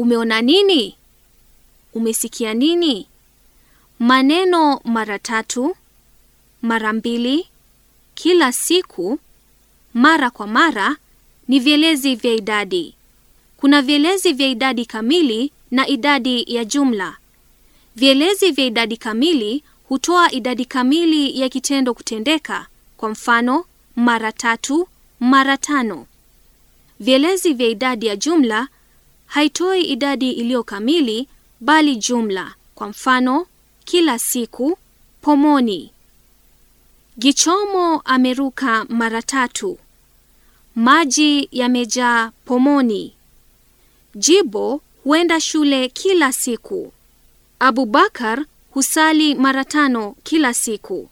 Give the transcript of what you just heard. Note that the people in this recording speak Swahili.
Umeona nini? Umesikia nini? Maneno mara tatu, mara mbili, kila siku, mara kwa mara ni vielezi vya idadi. Kuna vielezi vya idadi kamili na idadi ya jumla. Vielezi vya idadi kamili hutoa idadi kamili ya kitendo kutendeka, kwa mfano mara tatu, mara tano. Vielezi vya idadi ya jumla haitoi idadi iliyo kamili bali jumla. Kwa mfano, kila siku, pomoni. Gichomo ameruka mara tatu. Maji yamejaa pomoni. Jibo huenda shule kila siku. Abubakar husali mara tano kila siku.